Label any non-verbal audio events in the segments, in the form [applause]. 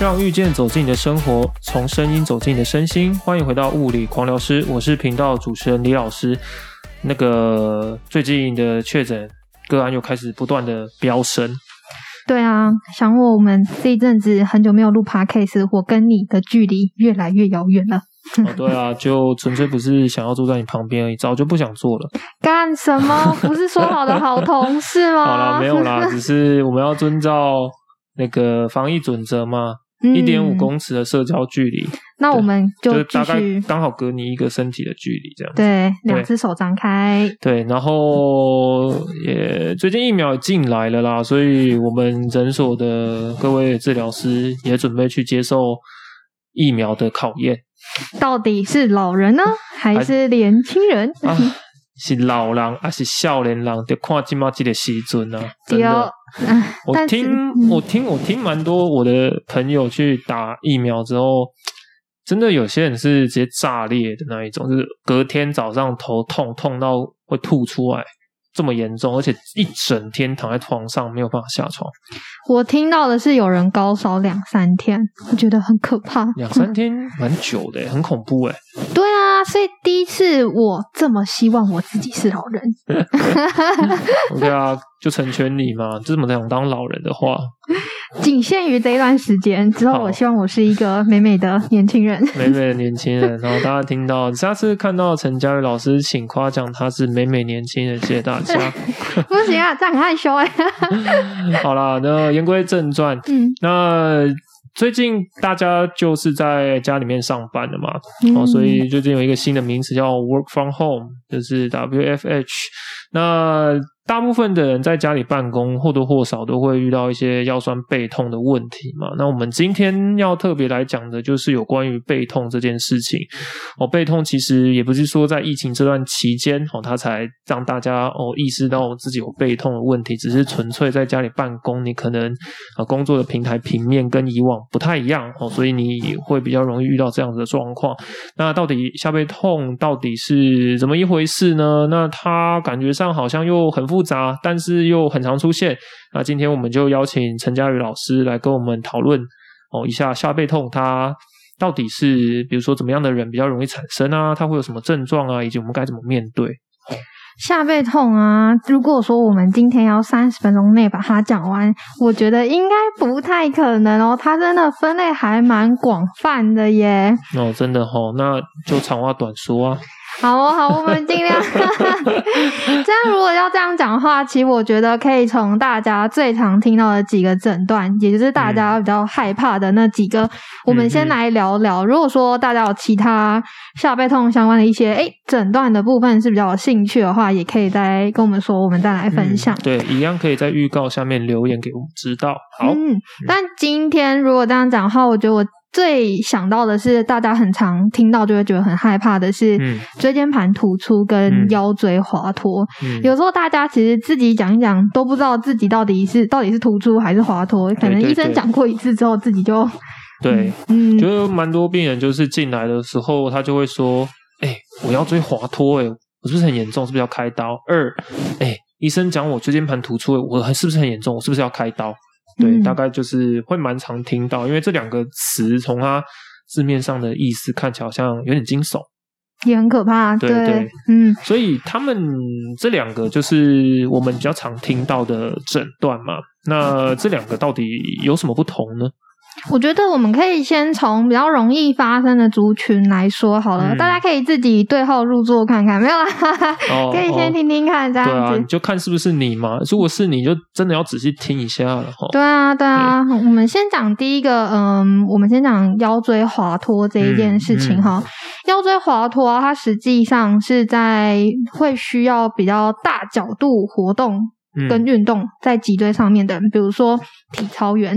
讓遇見走進你的生活，從聲音走進你的身心。歡迎回到物理狂聊師，我是頻道主持人李老師。那個最近的確診個案又開始不斷的飆升。對啊，想我我們這一陣子很久沒有錄 podcast，我跟你的距離越來越遙遠了 [laughs] 哦。對啊，就純粹不是想要坐在你旁邊而已，早就不想做了。幹什麼？不是說好的好同事 [laughs] 嗎？好啦，沒有啦， [laughs] 只是我們要遵照那個防疫準則嘛。一點五公尺的社交距離，那我們就、就是、大概剛好隔你一個身體的距離這樣子。對，兩只手張開。對,對，然後也，最近疫苗也進來了啦，所以我們診所的各位治療師也準備去接受疫苗的考驗。到底是老人呢，還是年輕人？哎啊是老人，還是少年人，得看自己自己的水準吶。真的，嗯、我聽是我聽我聽蠻多我的朋友去打疫苗之後，真的有些人是直接炸裂的那一種，就是隔天早上頭痛痛到會吐出來。這麼嚴重，而且一整天躺在床上沒有辦法下床。我聽到的是有人高燒兩三天，我覺得很可怕。兩三天蠻久的， [laughs] 很恐怖哎。對啊，所以第一次我這麼希望我自己是老人。哈、 [laughs] [laughs] 對、啊，我就成全你嘛，這麼想當老人的話。僅限於這一段時間之後，我希望我是一個美美的年輕人，美美的年輕人。 [laughs] 然後大家聽到，下次看到陳佳玉老師，請誇獎他是美美年輕人。謝謝大家。 [laughs] [laughs] 不行啊，這樣很害羞哎、欸。 [laughs] 好啦，那言歸正傳，嗯，那最近大家就是在家裡面上班的嘛，哦、嗯，所以最近有一個新的名詞叫 work from home，就是 WFH。那大部分的人在家裡辦公，或多或少都會遇到一些腰痠背痛的問題嘛。那我們今天要特別來講的就是有關於背痛這件事情。哦，背痛其實也不是說在疫情這段期間哦，他才讓大家哦意識到自己有背痛的問題，只是純粹在家裡辦公，你可能啊工作的平台平面跟以往不太一樣哦，所以你會比較容易遇到這樣子的狀況。那到底下背痛到底是怎麼一回事呢？那他感覺上好像又很複。複雜，但是又很常出現。那今天我們就邀請陳嘉瑜老師來跟我們討論哦一下下背痛，它到底是比如說怎麼樣的人比較容易產生啊？它會有什麼症狀啊？以及我們該怎麼面對、哦、下背痛啊？如果說我們今天要三十分鐘內把它講完，我覺得應該不太可能哦。它真的分類還蠻廣泛的耶。哦，真的哦，那就長話短說啊。好好，我們盡量。 [laughs] 這樣如果要這樣講的話，其實我覺得可以從大家最常聽到的幾個診斷，也就是大家比較害怕的那幾個，嗯、我們先來聊聊。嗯嗯，如果說大家有其他下背痛相關的一些哎診斷的部分是比較有興趣的話，也可以再跟我們說，我們再來分享。嗯、對，一樣可以在預告下面留言給我們知道。好，嗯，嗯，但今天如果這樣講的話，我覺得我。最想到的是，大家很常聽到就會覺得很害怕的是，嗯、椎間盤突出跟腰椎滑脫。嗯嗯、有時候大家其實自己講一講，都不知道自己到底是到底是突出還是滑脫。可能醫生講過一次之後，自己就對，對，對，嗯，覺得蠻多病人就是進來的時候，他就會說，哎、欸，我腰椎滑脫，哎，我是不是很嚴重？是不是要開刀？二，哎、欸，醫生講我椎間盤突出、欸，我是不是很嚴重？我是不是要開刀？對，大概就是會蠻常聽到，嗯、因為這兩個詞從它字面上的意思看起來好像有點驚悚，也很可怕，對對，對嗯，所以他們這兩個就是我們比較常聽到的診斷嘛，那這兩個到底有什麼不同呢？我覺得我們可以先從比較容易發生的族群來說好了，嗯、大家可以自己對號入座看看，沒有啦，哦、 [laughs] 可以先聽聽看，這樣子。哦啊、你就看是不是你嘛，如果是你，就真的要仔細聽一下了哈。對啊，對啊，嗯、我們先講第一個，嗯，我們先講腰椎滑脫這一件事情哈、嗯嗯。腰椎滑脫、啊、它實際上是在會需要比較大角度活動。跟運動在脊椎上面的，比如說體操員，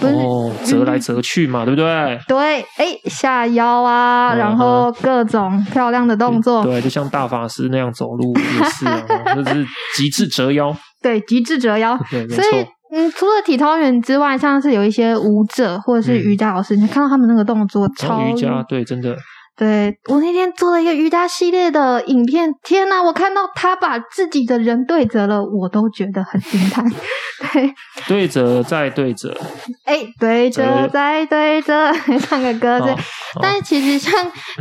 不是哦，折來折去嘛，對不對？對，哎，下腰啊，嗯、哼然後各種漂亮的動作對，對，就像大法師那樣走路也是、啊， [laughs] 那是極致折腰。對，極致折腰。所以嗯，除了體操員之外，像是有一些舞者或者是瑜伽老師，嗯、你看到他們那個動作超、哦、瑜伽，對，真的。對我那天做了一個瑜伽系列的影片，天吶，我看到他把自己的人對折了，我都覺得很驚嘆。對，對折再對折，哎、欸，對折再對折， [laughs] 唱個歌。對，但其實像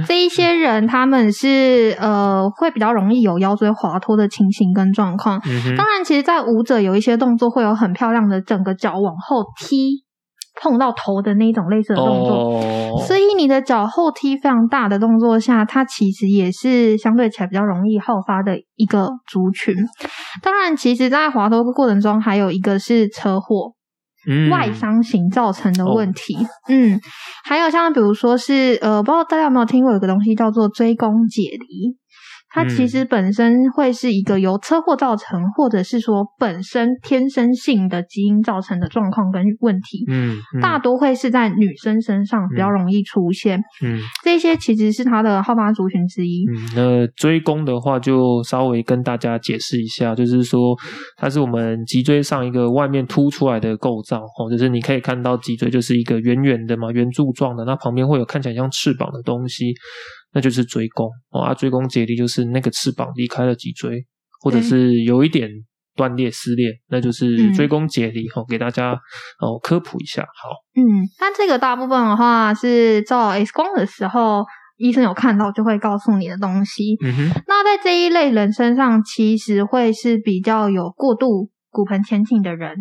這一些人，他們是呃，會比較容易有腰椎滑脫的情形跟狀況。嗯哼。當然，其實，在舞者有一些動作會有很漂亮的整個腳往後踢碰到頭的那一種類似的動作，oh. 所以你的腳後踢非常大的動作下，它其實也是相對起來比較容易好發的一個族群。當然，其實在滑脫的過程中，還有一個是車禍、mm. 外傷型造成的問題。Oh. 嗯，還有像比如說是，呃，不知道大家有沒有聽過有個東西叫做椎弓解離。它其實本身會是一個由車禍造成，嗯、或者是說本身天生性的基因造成的狀況跟問題，嗯，嗯，大多會是在女生身上比較容易出現，嗯，這些其實是它的好發族群之一。嗯、呃，椎弓的話就稍微跟大家解釋一下，就是說它是我們脊椎上一個外面凸出來的構造，哦，就是你可以看到脊椎就是一個圓圓的嘛，圓柱狀的，那旁邊會有看起來像翅膀的東西。那就是椎弓，啊，椎弓解離就是那個翅膀離開了脊椎，或者是有一點斷裂撕裂，那就是椎弓解離。哦、嗯，給大家哦科普一下，好。嗯，那這個大部分的話是照 X 光的時候，醫生有看到就會告訴你的東西。嗯哼，那在這一類人身上，其實會是比較有過度骨盆前傾的人。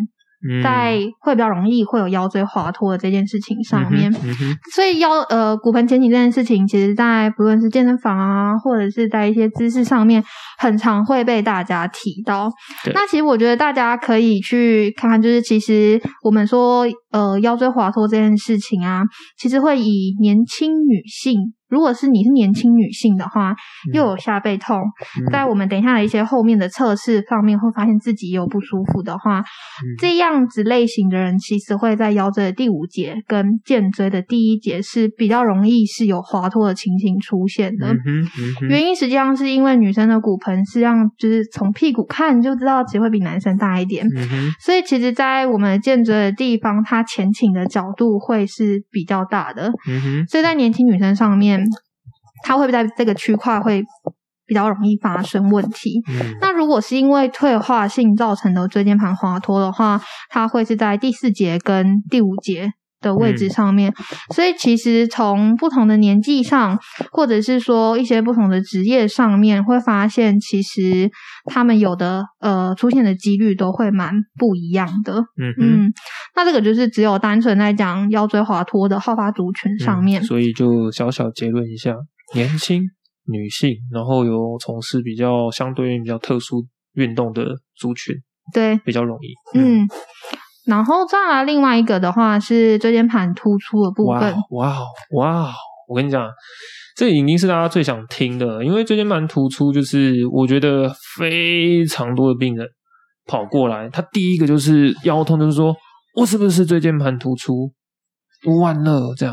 在會比較容易會有腰椎滑脫的這件事情上面，嗯嗯、所以腰呃骨盆前傾這件事情，其實在不論是健身房啊，或者是在一些姿勢上面，很常會被大家提到。對那其實我覺得大家可以去看看，就是其實我們說呃腰椎滑脫這件事情啊，其實會以年輕女性，如果是你是年輕女性的話，嗯、又有下背痛，嗯、在我們等一下一些後面的測試方面，會發現自己有不舒服的話，嗯、這樣子類型的人其實會在腰椎的第五節跟薦椎的第一節是比較容易是有滑脫的情形出現的。嗯嗯、原因實際上是因為女生的骨盆是讓就是從屁股看就知道其實會比男生大一點，嗯、哼所以其實在我們薦椎的地方，它前傾的角度會是比較大的，嗯、哼所以在年輕女生上面。它會不會在這個區塊會比較容易發生問題。嗯、那如果是因為退化性造成的椎間盤滑脫的話，它會是在第四節跟第五節。的位置上面，嗯、所以其實從不同的年紀上，或者是說一些不同的職業上面，會發現其實他們有的呃出現的幾率都會蠻不一樣的。嗯哼嗯，那這個就是只有單純在講腰椎滑脫的好發族群上面，嗯，所以就小小結論一下：年輕女性，然後有從事比較相對於比較特殊運動的族群，對，比較容易。嗯。嗯然後再來另外一個的話是椎間盤突出的部分。哇哦哇哦！我跟你講，這已經是大家最想聽的，因為椎間盤突出就是我覺得非常多的病人跑過來，他第一個就是腰痛，就是說我是不是椎間盤突出？萬樂這樣，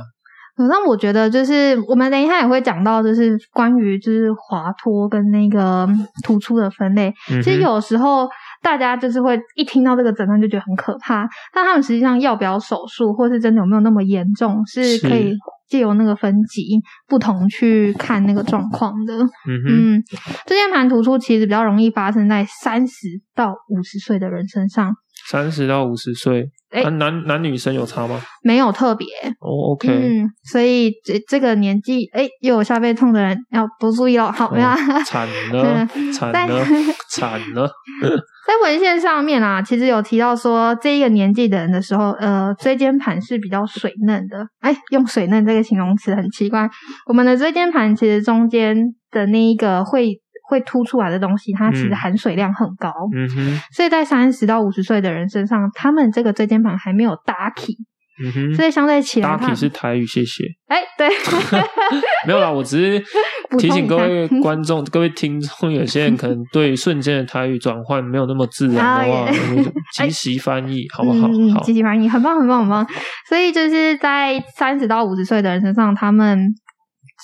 嗯。那我覺得就是我們等一下也會講到，就是關於就是滑脫跟那個突出的分類，嗯、哼其實有時候。大家就是會一聽到這個診斷就覺得很可怕，但他們實際上要不要手術，或是真的有沒有那麼嚴重，是可以借由那個分級不同去看那個狀況的。是嗯，嗯、哼椎間盤突出其實比較容易發生在三十到五十歲的人身上。三十到五十歲，哎、欸，男男女生有差嗎？沒有特別。哦、oh,，OK。嗯，所以這這個年紀，哎、欸，又有下背痛的人要多注意哦。好，呀、哦。慘了，慘 [laughs] 了，慘但慘了。 [laughs] 在文獻上面啊，其實有提到說，這一個年紀的人的時候，呃，椎間盤是比較水嫩的。哎，用水嫩這個形容詞很奇怪。我們的椎間盤其實中間的那一個會。會凸出來的東西，它其實含水量很高，嗯,嗯哼，所以在三十到五十歲的人身上，他們這個椎間盤還沒有打 u 嗯哼，所以相對起來，打 u 是台語，謝謝。哎、欸，對， [laughs] [laughs] 沒有啦，我只是提醒各位觀眾、各位聽眾，有些人可能對瞬間的台語轉換沒有那麼自然的話，即時翻譯，好不好？嗯嗯，即時翻譯，很棒，很棒，很棒。所以就是在三十到五十歲的人身上，他們。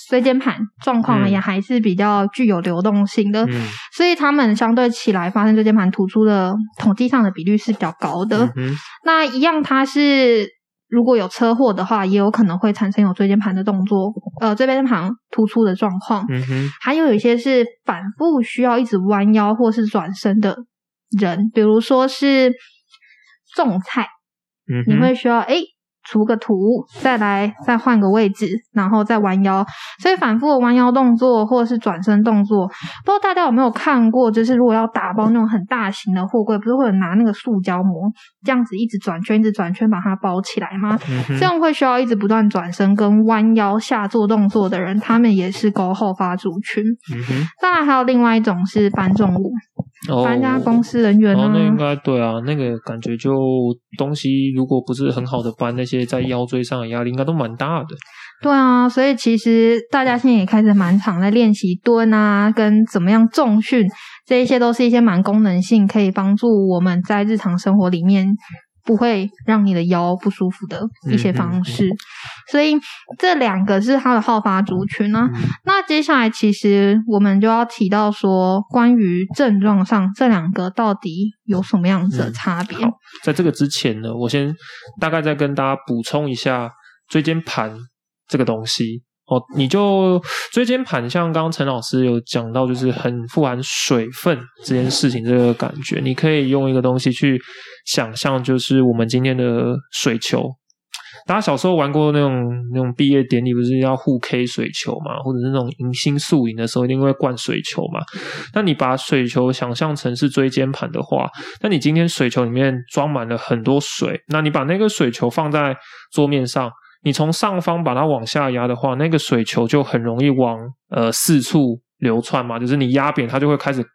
椎間盤狀況也還是比較具有流動性的，嗯、所以他們相對起來發生椎間盤突出的統計上的比率是比較高的。嗯、哼那一樣，他是如果有車禍的話，也有可能會產生有椎間盤的動作，呃，椎間盤突出的狀況。嗯、哼還有有些是反復需要一直彎腰或是轉身的人，比如說是種菜，嗯、哼你會需要，誒。出個圖，再來再換個位置，然後再彎腰，所以反覆的彎腰動作或者是轉身動作，不知道大家有沒有看過，就是如果要打包那種很大型的貨櫃，不是會有拿那個塑膠膜，這樣子一直轉圈，一直轉圈把它包起來嗎？這樣、嗯、哼會需要一直不斷轉身跟彎腰下做動作的人，他們也是溝後發族群。嗯、哼當然還有另外一種是搬重物。搬家公司人員啊，哦哦、那應該對啊，那個感覺就東西如果不是很好的搬，那些在腰椎上的壓力應該都蠻大的。對啊，所以其實大家現在也開始蠻常在練習蹲啊，跟怎麼樣重訓，這一些都是一些蠻功能性，可以幫助我們在日常生活裡面。不會讓你的腰不舒服的一些方式，嗯嗯嗯、所以這兩個是它的好發族群呢，啊嗯，那接下來其實我們就要提到說，關於症狀上這兩個到底有什麼樣子的差別。嗯。好，在這個之前呢，我先大概再跟大家補充一下椎間盤這個東西。哦，你就椎間盤像剛陳老師有講到，就是很富含水分這件事情，這個感覺，你可以用一個東西去想象就是我們今天的水球。大家小時候玩過那種那種畢業典禮不是要互 K 水球嘛，或者是那種迎新宿營的時候一定會灌水球嘛。那你把水球想象成是椎間盤的話，那你今天水球裡面裝滿了很多水，那你把那個水球放在桌面上。你從上方把它往下壓的話，那個水球就很容易往呃四處流竄嘛，就是你壓扁它就會開始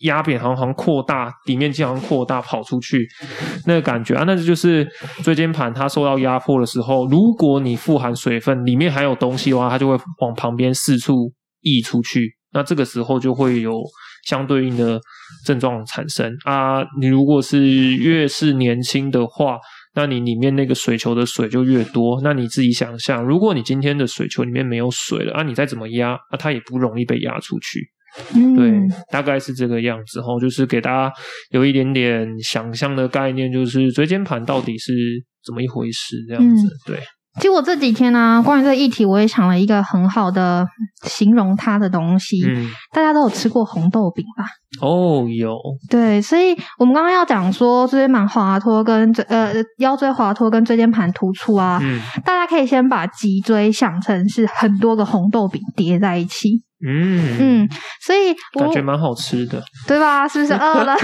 壓扁，行行擴大底面積，行擴大跑出去，那個感覺啊，那就是椎間盤它受到壓迫的時候，如果你富含水分，裡面還有東西的話，它就會往旁邊四處溢出去，那這個時候就會有相對應的症狀產生啊。你如果是越是年輕的話，那你裡面那個水球的水就越多，那你自己想象如果你今天的水球裡面沒有水了，啊，你再怎麼壓，啊，它也不容易被壓出去。嗯、對，大概是這個樣子哈，就是給大家有一點點想象的概念，就是椎間盤到底是怎麼一回事，這樣子，嗯、對。其實我這幾天呢、啊，關於這個議題，我也想了一個很好的形容它的東西。嗯、大家都有吃過紅豆餅吧？哦，有。對，所以我們剛剛要講說椎間盤滑脫跟椎，呃、腰椎滑脫跟椎間盤突出啊，嗯、大家可以先把脊椎想成是很多個紅豆餅疊在一起。嗯嗯，所以我感覺蠻好吃的，對吧？是不是餓了？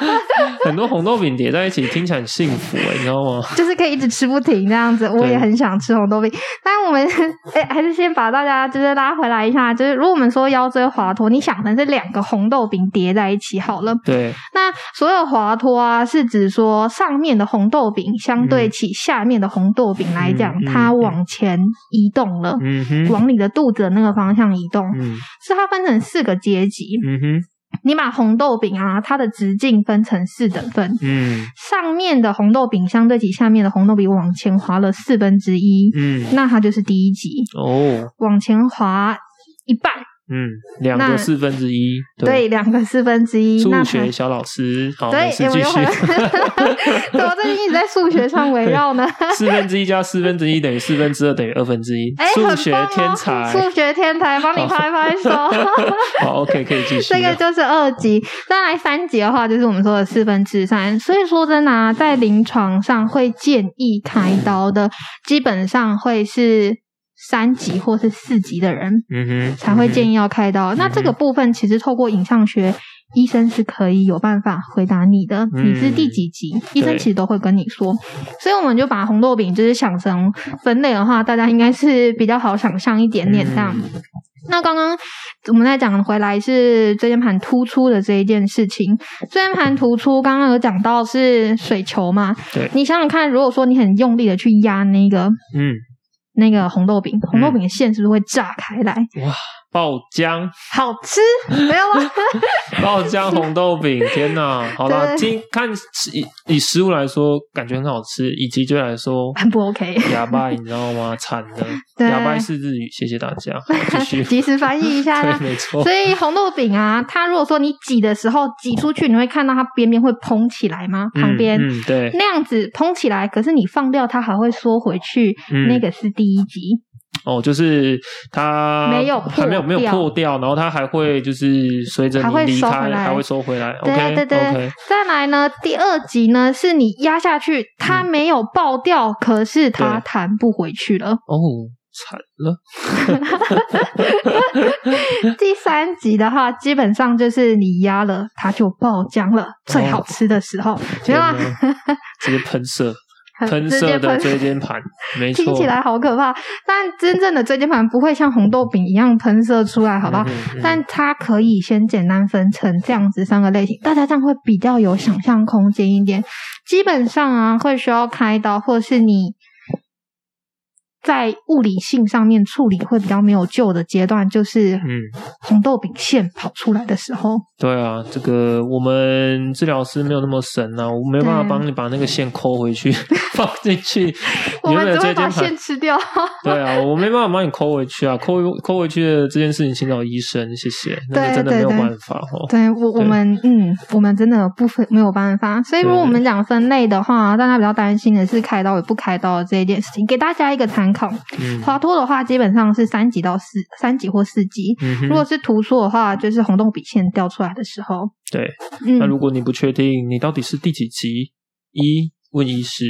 [laughs] 很多紅豆餅疊在一起，聽起來很幸福、欸、你知道嗎？就是可以一直吃不停這樣子，我也很想吃紅豆餅。對但我們哎、欸，還是先把大家就是拉回來一下，就是如果我們說腰椎滑脫，你想成是兩個紅豆餅疊在一起好了。對，那所有滑脫啊，是指說上面的紅豆餅相對起下面的紅豆餅來講，嗯、它往前移動了，嗯嗯，往你的肚子的那個方向移動。嗯是它分成四個階級，嗯、哼你把紅豆餅啊，它的直徑分成四等份，嗯、上面的紅豆餅相對起下面的紅豆餅往前滑了四分之一，嗯，那它就是第一級哦，往前滑一半。嗯，兩個四分之一那，對，兩個四分之一。數學小老師，他好，繼對續。對，有沒有？怎麼最近 [laughs] 一直在數學上圍繞呢？四分之一加四分之一等於四分之二，等於二分之一。數、欸、學天才，數、哦、學天才，幫你拍拍手。好， [laughs] 好，OK，可以繼續。這個就是二級，再來三級的話，就是我們說的四分之三。所以說真的，啊，在臨床上會建議開刀的，基本上會是，三級或是四級的人，嗯哼，才會建議要開刀。嗯、哼那這個部分其實透過影像學，嗯、哼醫生是可以有辦法回答你的，嗯、你是第幾級，嗯、醫生其實都會跟你說。對所以我們就把紅豆餅就是想成分類的話，大家應該是比較好想象一點點這樣。嗯、那剛剛我們再講回來是椎間盤突出的這一件事情，椎間盤突出剛剛有講到是水球嘛？對你想想看，如果說你很用力的去壓那個，嗯。那個紅豆餅，紅豆餅的餡是不是會炸開來？嗯哇爆漿好吃，沒有嗎？ [laughs] 爆漿紅豆餅，天哪！好了，今對看以以食物來說，感覺很好吃。以及就來說，很不 OK。牙白，你知道嗎？慘了。對，牙白是日語。謝謝大家，繼續 [laughs] 及時翻譯一下。 [laughs] 對，沒錯。所以紅豆餅啊，它如果說你擠的時候擠出去，你會看到它邊邊會蓬起來嗎？旁邊、嗯嗯、對，那樣子蓬起來。可是你放掉，它還會縮回去。嗯、那個是第一集。哦，就是它沒有，沒有沒有破掉，破掉然後它還會就是隨着你離開還會收回來。會收回來對對、啊、對，OK, OK、再來呢，第二級呢是你壓下去，它沒有爆掉，嗯、可是它彈不回去了。哦，慘了！第三級的話，基本上就是你壓了，它就爆漿了，哦、最好吃的時候，對啊，這個噴射。噴射的椎間盤，沒錯，聽起來好可怕。錯但真正的椎間盤不會像紅豆餅一樣噴射出來，好不好？嗯嗯，但它可以先簡單分成這樣子三個類型，大家這樣會比較有想象空間一點。基本上啊，會需要開刀，或者是你。在物理性上面處理會比較沒有救的階段，就是嗯，紅豆餅餡跑出來的時候。嗯、對啊，這個我們治療師沒有那麼神啊，我沒辦法幫你把那個餡摳回去對 [laughs] 放進去的。我們只會把餡吃掉。 [laughs] 對啊，我沒辦法幫你摳回去啊，摳摳回去的這件事情請找醫生，謝謝。對、那個，真的沒有辦法哦。對，對，對，對，對我我們嗯，我們真的不分沒有辦法。所以如果我們講分類的話，對對大家比較擔心的是開刀與不開刀這一件事情，給大家一個參。滑、嗯、脫的話，基本上是三級到四，三級或四級。嗯、哼如果是突出的話，就是紅洞筆線掉出來的時候。對，嗯、那如果你不確定，你到底是第幾級、嗯、一？問醫師，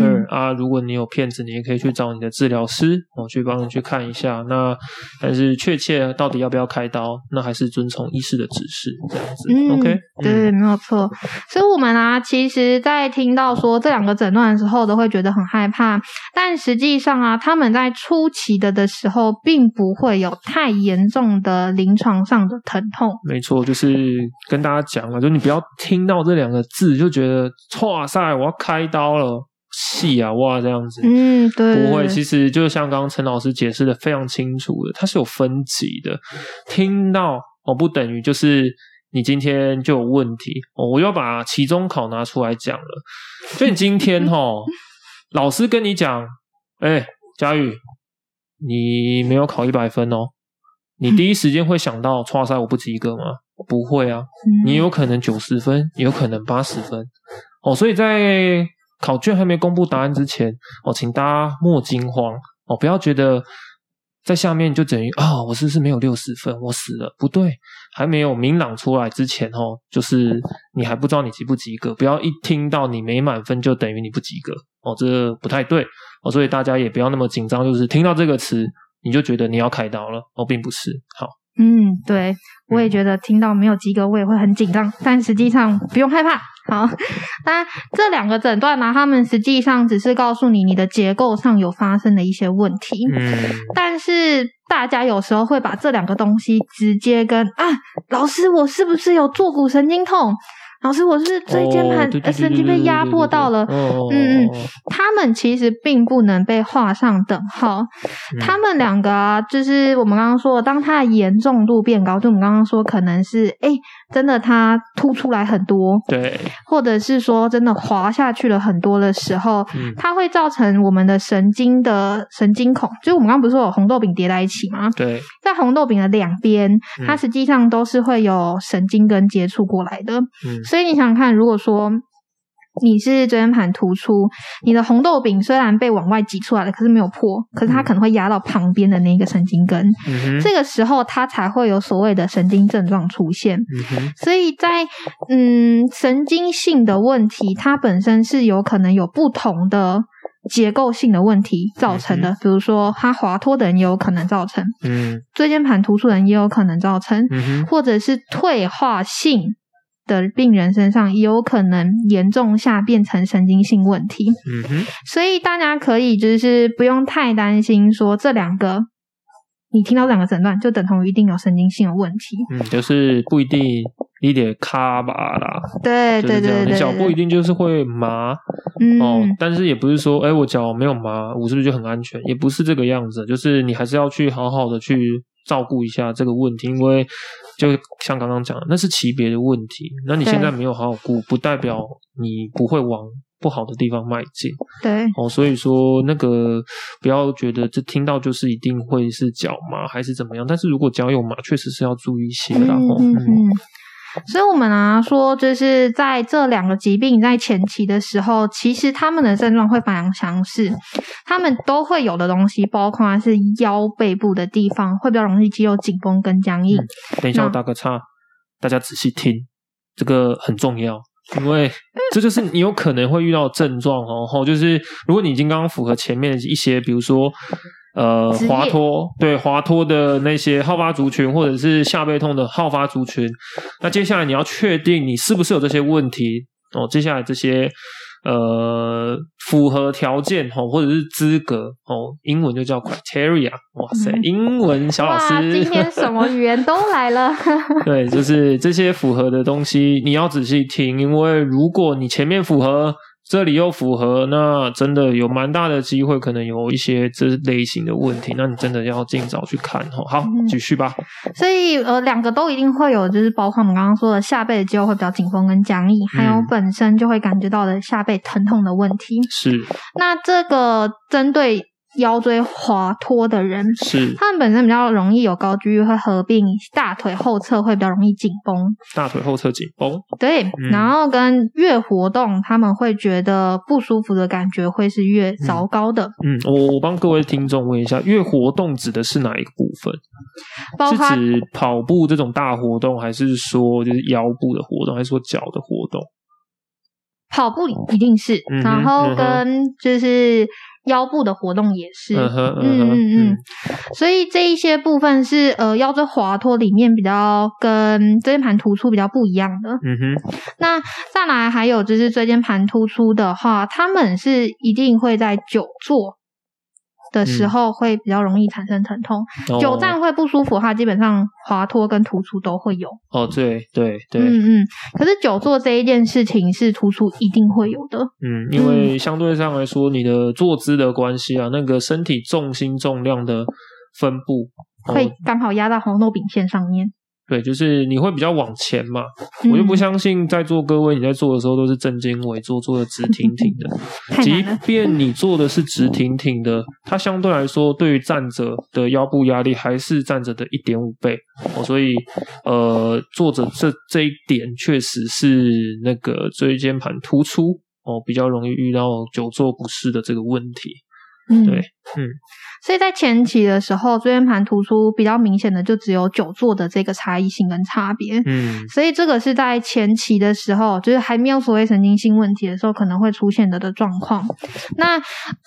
二啊，如果你有片子，你也可以去找你的治療師，我、嗯、去幫你去看一下。那但是確切到底要不要開刀，那還是遵從醫師的指示這樣子。嗯、OK，對、嗯、對，沒有錯。所以我們啊，其實在聽到說這兩個診斷的時候，都會覺得很害怕。但實際上啊，他們在初期的的時候，並不會有太嚴重的臨床上的疼痛。沒錯，就是跟大家講了，就你不要聽到這兩個字就覺得哇塞，我要開。刀了，戲啊，哇，這樣子，嗯，對，不會，其實就像剛剛陳老師解釋的非常清楚的，它是有分級的，聽到哦，不等於就是你今天就有問題，哦、我又要把期中考拿出來講了，所以今天哦， [laughs] 老師跟你講，哎，佳宇，你沒有考一百分哦，你第一時間會想到剉賽我不及格嗎？嗯、不會啊，你有可能九十分，有可能八十分，哦，所以在。考卷還沒公布答案之前，哦，請大家莫驚慌哦，不要覺得在下面就等於啊，哦，我是不是沒有六十分，我死了？不對，還沒有明朗出來之前哦，就是你還不知道你及不及格，不要一聽到你沒滿分就等於你不及格哦，這不太對哦，所以大家也不要那麼緊張，就是聽到這個詞你就覺得你要開刀了哦，並不是，好。嗯，對，我也覺得聽到沒有及格，我也會很緊張，但實際上不用害怕。好，那這兩個診斷呢、啊，他們實際上只是告訴你你的結構上有發生的一些問題。嗯。但是大家有時候會把這兩個東西直接跟啊，老師，我是不是有坐骨神經痛？老師，我是椎間盤神經被壓迫到了，嗯、哦、嗯，他們其實並不能被畫上等號，好，嗯、他們兩個、啊、就是我們剛剛說，當它的嚴重度變高，就我們剛剛說，可能是哎。誒真的，它凸出來很多，對，或者是說真的滑下去了很多的時候，嗯、它會造成我們的神經的神經孔。就我們剛剛不是說有紅豆餅疊在一起嗎？對，在紅豆餅的兩邊，它實際上都是會有神經根接觸過來的。嗯、所以你想想看，如果說。你是椎間盤突出，你的紅豆餅雖然被往外擠出來了，可是沒有破，可是它可能會壓到旁邊的那個神經根，嗯、哼這個時候它才會有所謂的神經症狀出現。嗯、哼所以在嗯，神經性的問題，它本身是有可能有不同的結構性的問題造成的，嗯、哼比如說它滑脫的人也有可能造成，嗯哼，椎間盤突出的人也有可能造成，嗯、哼或者是退化性的病人身上有可能嚴重下變成神經性問題，嗯哼，所以大家可以就是不用太擔心說這兩個，你聽到兩個診斷就等同於一定有神經性的問題，嗯，就是不一定你得卡吧啦，對，對對對，對，對你腳不一定就是會麻，嗯、哦，但是也不是說哎、欸、我腳沒有麻，我是不是就很安全？也不是這個樣子，就是你還是要去好好的去。照顧一下這個問題，因為就像剛剛講的，那是級別的問題。那你現在沒有好好顧，對不代表你不會往不好的地方邁進。對哦，所以說那個不要覺得這聽到就是一定會是腳麻還是怎麼樣。但是如果腳有麻，確實是要注意一些的。嗯嗯嗯。然後，嗯。所以，我們啊說，就是在這兩個疾病在前期的時候，其實他們的症狀會非常相似，他們都會有的東西，包括是腰背部的地方會比較容易肌肉緊繃跟僵硬。嗯、等一下，我打個岔，那大家仔細聽，這個很重要，因為這就是你有可能會遇到症狀哦、嗯、哦。就是如果你已經剛剛符合前面一些，比如說。呃，業滑脫，對，滑脫的那些好發族群，或者是下背痛的好發族群，那接下來你要確定你是不是有這些問題哦。接下來這些呃符合條件哦，或者是資格哦，英文就叫 criteria 哇塞，嗯、英文小老師哇，今天什麼語言都來了。 [laughs] 對，就是這些符合的東西你要仔細聽，因為如果你前面符合。這裡又符合，那真的有蠻大的機會，可能有一些這類型的問題，那你真的要盡早去看哈。好，繼續吧。嗯。所以，呃，兩個都一定會有，就是包括我們剛剛說的下背的肌肉會比較緊繃跟僵硬，還有本身就會感覺到的下背疼痛的問題。是。那這個針對。腰椎滑脫的人是他們本身比較容易有高居，會合併大腿後側會比較容易緊繃，大腿後側緊繃。對，嗯、然後跟越活動，他們會覺得不舒服的感覺會是越糟糕的。嗯，嗯，我我幫各位聽眾問一下，越活動指的是哪一個部分？包括是指跑步這種大活動，還是說就是腰部的活動，還是說腳的活動？跑步一定是，嗯、哼然後跟就是。嗯腰部的活動也是，uh huh, uh huh, 嗯嗯嗯，所以這一些部分是呃腰椎滑脫裡面比較跟椎間盤突出比較不一樣的。嗯哼、uh huh. 那再來還有就是椎間盤突出的話，他們是一定會在久坐。的時候會比較容易產生疼痛，久、嗯、站會不舒服，它基本上滑脫跟突出都會有。哦，對對對，對嗯嗯。可是久坐這一件事情，是突出一定會有的。嗯，因為相對上來說，嗯、你的坐姿的關係啊，那個身體重心重量的分布，嗯、會剛好壓到紅豆餅線上面。對，就是你會比較往前嘛，嗯、我就不相信在座各位你在做的時候都是正襟危坐，坐的直挺挺的。太難了。即便你坐的是直挺挺的，它相對來說，對於站着的腰部壓力還是站着的一點五倍哦，所以呃，坐着這這一點確實是那個椎間盤突出哦，比較容易遇到久坐不適的這個問題。嗯，對，嗯，所以在前期的時候，椎間盤突出比較明顯的就只有久坐的這個差異性跟差別，嗯，所以這個是在前期的時候，就是還沒有所謂神經性問題的時候，可能會出現的的狀況。那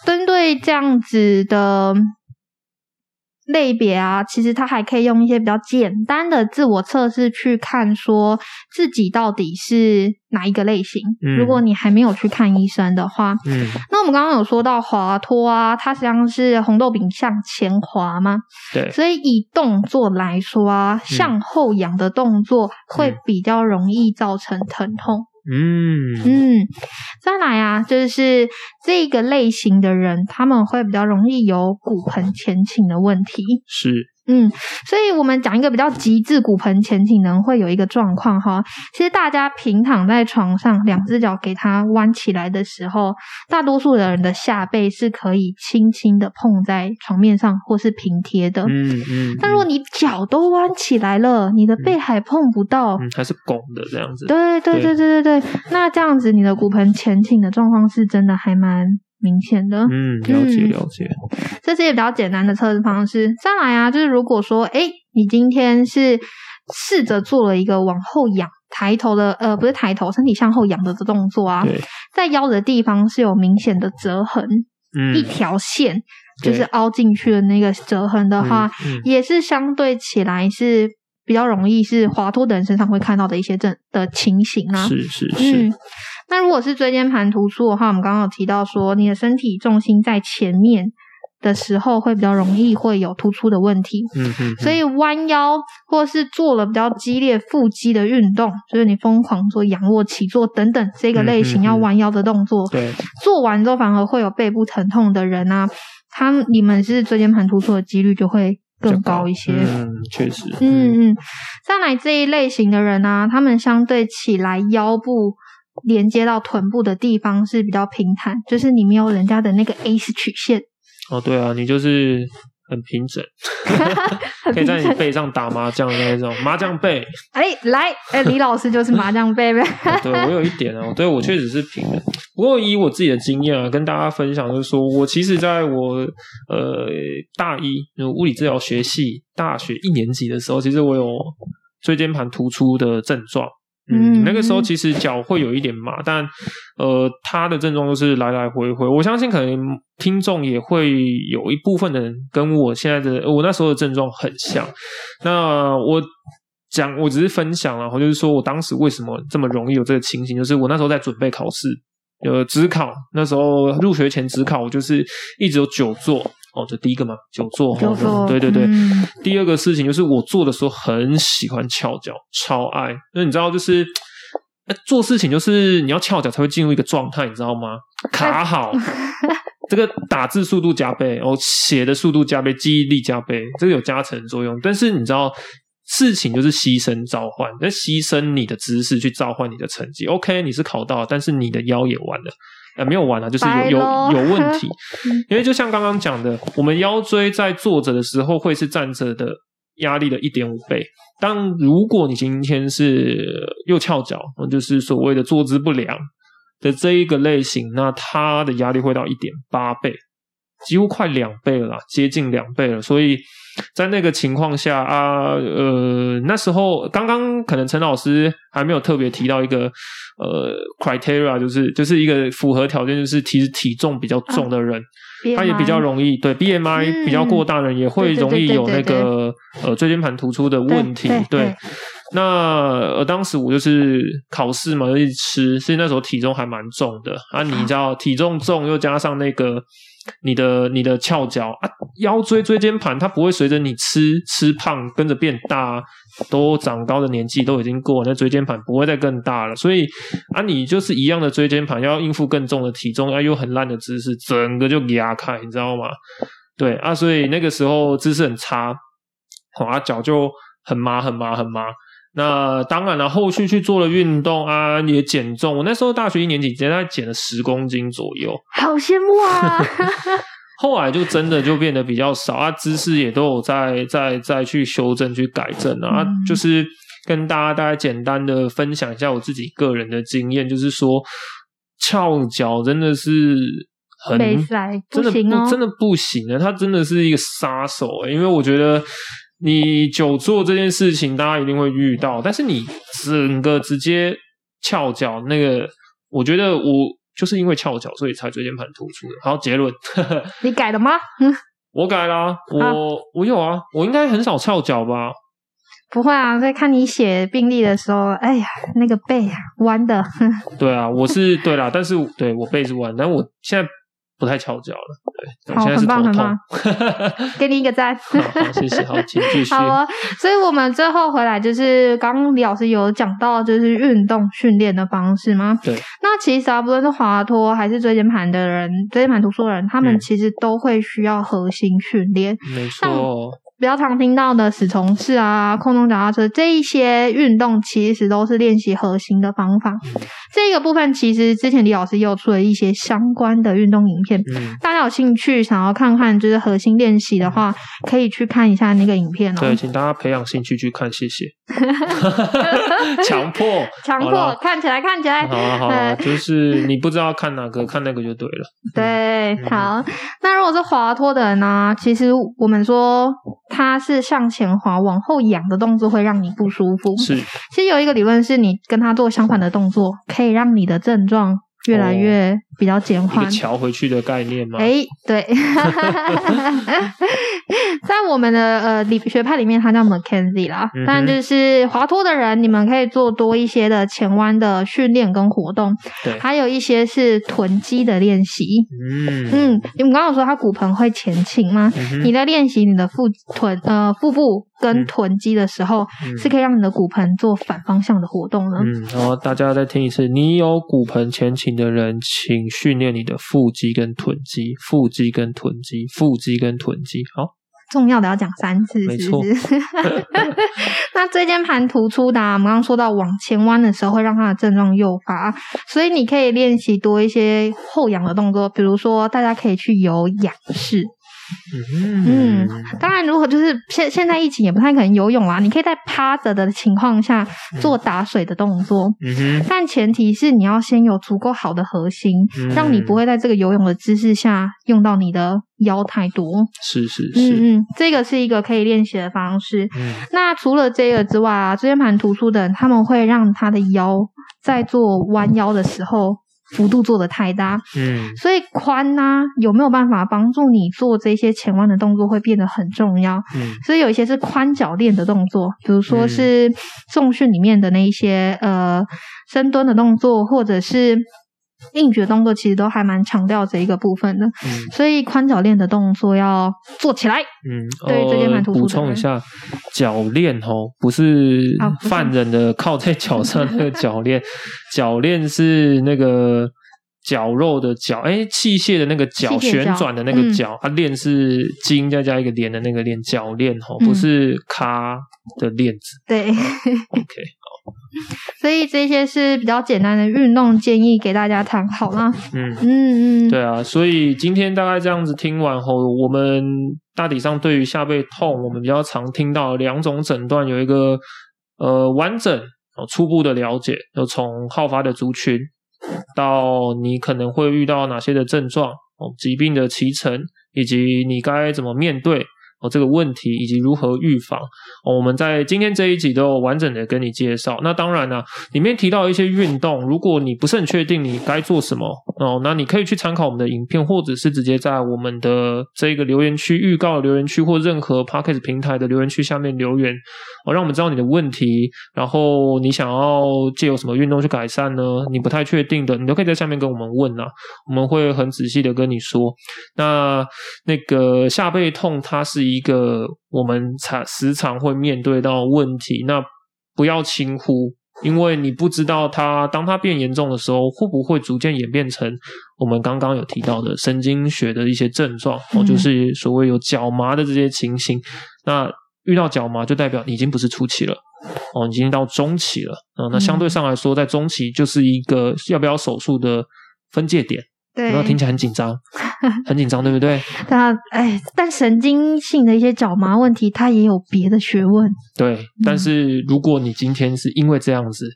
針對這樣子的。類別啊，其實它還可以用一些比較簡單的自我測試去看，說自己到底是哪一個類型。嗯，如果你還沒有去看醫生的話，嗯，那我們剛剛有說到滑脫啊，它實際上是紅豆餅向前滑嘛。對，所以以動作來說啊，向後仰的動作會比較容易造成疼痛。嗯嗯嗯嗯，再來啊，就是這個類型的人，他們會比較容易有骨盆前傾的問題。是。嗯，所以，我們講一個比較極致骨盆前傾的人會有一個狀況哈。其實大家平躺在床上，兩只腳給它彎起來的時候，大多數的人的下背是可以輕輕的碰在床面上或是平貼的。嗯嗯。嗯嗯但如果你腳都彎起來了，你的背還碰不到，嗯嗯、還是拱的這樣子。對對對對對對。對那這樣子，你的骨盆前傾的狀況是真的還蠻。明顯的，嗯，了解了解，嗯、這是一個比較簡單的測試方式。再來啊，就是如果說，哎、欸，你今天是試着做了一個往後仰、抬頭的，呃，不是抬頭，身體向後仰的的動作啊，對在腰的地方是有明顯的折痕，嗯、一條線，就是凹進去的那個折痕的話，對也是相對起來是。比較容易是滑脫，的人身上會看到的一些症的情形啊，是是是。嗯，那如果是椎間盤突出的話，我們剛剛有提到說，你的身體重心在前面的時候，會比較容易會有突出的問題。嗯嗯。所以彎腰或是做了比較激烈腹肌的運動，就是你瘋狂做仰臥起坐等等這個類型要彎腰的動作，嗯、哼哼對，做完之後反而會有背部疼痛的人啊，他你們是椎間盤突出的幾率就會。更高一些，嗯，確實，嗯嗯，上來這一類型的人啊，他們相對起來腰部連接到臀部的地方是比較平坦，就是你沒有人家的那個 S 曲線。哦，對啊，你就是。很平整， [laughs] 很平整 [laughs] 可以在你背上打麻將的那種麻將背。哎，來，哎，李老師就是麻將背唄。對，我有一點哦、啊，對，我確實是平的。不過以我自己的經驗啊，跟大家分享，就是說我其實在我呃大一物理治療學系大學一年級的時候，其實我有椎間盤突出的症狀。嗯，那個時候其實腳會有一點麻，但呃，他的症狀就是來來回回。我相信可能聽眾也會有一部分的人跟我現在的我那時候的症狀很像。那我講，我只是分享然後，啊，就是說我當時為什麼這麼容易有這個情形？就是我那時候在準備考試，呃，指考，那時候入學前指考，我就是一直有久坐。哦，這第一個嘛，久坐活動坐、就是，對對對。嗯、第二個事情就是我做的時候很喜歡翹腳，超愛。那你知道就是、欸、做事情就是你要翹腳才會進入一個狀態，你知道嗎？卡好，太這個打字速度加倍，我、哦、寫的速度加倍，記憶力加倍，這個有加成作用。但是你知道。事情就是犧牲召喚，那犧牲你的姿勢去召喚你的成績。OK，你是考到了，但是你的腰也完了，呃、啊，沒有完了、啊，就是有咯有有問題。因為就像剛剛講的，我們腰椎在坐着的時候會是站着的壓力的一點五倍，當如果你今天是右翹腳，就是所謂的坐姿不良的這一個類型，那它的壓力會到一點八倍。幾乎快兩倍了，接近兩倍了。所以在那個情況下啊，呃，那時候剛剛可能陳老師還沒有特別提到一個呃 criteria，就是就是一個符合條件，就是其實體重比較重的人，啊、他也比較容易對 BMI 比較過大的人，嗯，也會容易有那個對對對對呃椎間盤突出的問題。對，對，對。對。那，呃，當時我就是考試嘛，就一直吃，所以那時候體重還蠻重的啊。你知道，體重重又加上那個你的你的翹腳啊，腰椎椎間盤它不會隨着你吃吃胖跟着變大，都長高的年紀都已經過，那椎間盤不會再更大了。所以啊，你就是一樣的椎間盤要應付更重的體重，又很爛的姿勢，整個就壓開，你知道嗎？對啊，所以那個時候姿勢很差，啊，腳就很麻，很麻，很麻。那當然了、啊，後續去做了運動啊，也減重。我那時候大學一年級，直接在減了十公斤左右，好羨慕啊！ [laughs] 後來就真的就變得比較少啊，姿勢也都有在在在去修正、去改正啊。嗯、啊就是跟大家大家簡單的分享一下我自己個人的經驗，就是說翹腳真的是很、哦、真的不真的不行的、啊，它真的是一個殺手、欸。因為我覺得。你久坐這件事情，大家一定會遇到。但是你整個直接翹腳那個，我覺得我就是因為翹腳，所以才椎間盤突出的。好，結論，呵呵 [laughs] 你改了嗎？嗯、我改了、啊，我、啊、我有啊，我應該很少翹腳吧？不會啊，在看你寫病歷的時候，哎呀，那個背啊，彎的。 [laughs] 對啊，我是對啦，但是對我背是彎，但我現在不太翹腳了，對，我現在是頭痛。好，很棒，很棒 [laughs] 給你一個讚。 [laughs] 好，謝謝，好，繼續。好啊，所以，我們最後回來就是，剛李老師有講到，就是運動訓練的方式嗎？對，那其實啊，不論是滑脫還是椎間盤的人，椎間盤突出的人，他們其實都會需要核心訓練。嗯、但 沒錯、哦。比較常聽到的死蟲式啊、空中腳踏車這一些運動，其實都是練習核心的方法。嗯、這個部分其實之前李老師又出了一些相關的運動影片，嗯、大家有興趣想要看看，就是核心練習的話，可以去看一下那個影片、喔。哦。對，請大家培養興趣去看，謝謝。強 [laughs] [laughs] 迫，強迫，啦看起看起來，看起來。好，好，就是你不知道看哪個，看那個就對了。對，嗯、好。那如果是滑脫的人呢、啊？其實我們說。它是向前滑、往後仰的動作會讓你不舒服。是，其實有一個理論是，你跟他做相反的動作，可以讓你的症狀越來越、哦、比較減緩。一個喬回去的概念嗎？誒、欸，對。 [laughs] [laughs] 在我們的呃理學派裡面，他叫 McKenzie 啦，嗯、哼但就是滑脫的人，你們可以做多一些的前彎的訓練跟活動，對還有一些是臀肌的練習。嗯嗯，你們剛剛有說他骨盆會前傾嗎？嗯、哼你在練習你的腹臀呃腹部跟臀肌的時候，嗯、是可以讓你的骨盆做反方向的活動的。嗯，然後大家再聽一次，你有骨盆前傾的人，請訓練你的腹肌跟臀肌，腹肌跟臀肌，腹肌跟臀肌。腹肌跟臀肌，好。重要的要講三次，是不是？沒錯。 [laughs] 那椎間盤突出的啊，我們剛剛說到往前彎的時候，會讓它的症狀誘發，所以你可以練習多一些後仰的動作，比如說大家可以去游仰式。嗯嗯，當然，如果就是現現在疫情也不太可能游泳啦，你可以在趴着的情況下做打水的動作，嗯、但前提是你要先有足夠好的核心，嗯、讓你不會在這個游泳的姿勢下用到你的腰太多。是是是，嗯嗯，這個是一個可以練習的方式。嗯、那除了這個之外啊，椎間盤突出的人，他們會讓他的腰在做彎腰的時候，幅度做得太大，嗯，所以寬呢、啊、有沒有辦法幫助你做這些前彎的動作會變得很重要，嗯，所以有一些是寬腳鏈的動作，比如說是重訓裡面的那一些、嗯、呃深蹲的動作，或者是。硬舉動作其實都還蠻強調這一個部分的、嗯，所以髖絞鍊的動作要做起來。嗯，呃、對，這邊蠻突出的。補充一下，絞鍊哦，不是犯人的靠在腳上那個腳鏈，絞鍊，啊、是， [laughs] 是那個絞肉的絞，哎、欸，器械的那個絞，旋轉的那個絞，嗯、啊，鏈是金再加一個連的那個鏈，絞鍊哦，嗯、不是卡的鏈子。對 [laughs] ，OK。所以這些是比較簡單的運動建議給大家談，好嗎？嗯嗯嗯，對啊。所以今天大概這樣子聽完後，我們大體上對於下背痛，我們比較常聽到兩種診斷，有一個呃完整初步的了解，就從好發的族群到你可能會遇到哪些的症狀，疾病的起程以及你該怎麼面對。哦，這個問題以及如何預防，我們在今天這一集都有完整的跟你介紹。那當然呢、啊，裡面提到一些運動，如果你不是很確定你該做什麼哦，那你可以去參考我們的影片，或者是直接在我們的這個留言區預告留言區或任何 Podcast 平台的留言區下面留言哦，讓我們知道你的問題，然後你想要借由什麼運動去改善呢？你不太確定的，你都可以在下面跟我們問啊，我們會很仔細的跟你說。那那個下背痛，它是。一個我們常時常會面對到問題，那不要輕忽，因為你不知道它，當它變嚴重的時候，會不會逐漸演變成我們剛剛有提到的神經學的一些症狀、嗯、哦，就是所謂有腳麻的這些情形。那遇到腳麻，就代表你已經不是初期了哦，你已經到中期了。嗯、呃，那相對上來說，在中期就是一個要不要手術的分界點。對，然後聽起來很緊張。 [laughs] 很緊張，對不對？ [laughs] 但哎，但神經性的一些腳麻問題，它也有別的學問。對，嗯、但是如果你今天是因為這樣子，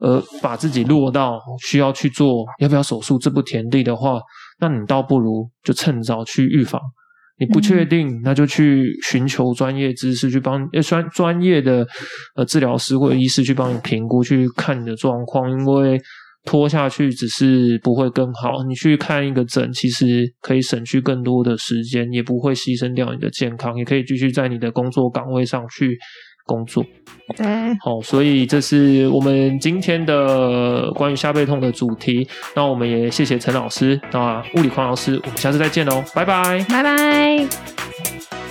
而把自己落到需要去做要不要手術這步田地的話，那你倒不如就趁早去預防。你不確定，嗯、那就去尋求專業知識，去幫你專專業的呃治療師或者醫師去幫你評估，去看你的狀況，因為。拖下去只是不會更好。你去看一個診，其實可以省去更多的時間，也不會犧牲掉你的健康，也可以繼續在你的工作崗位上去工作。嗯，好，所以這是我們今天的關於下背痛的主題。那我們也謝謝陳老師，那物理狂老師，我們下次再見嘍，拜拜，拜拜。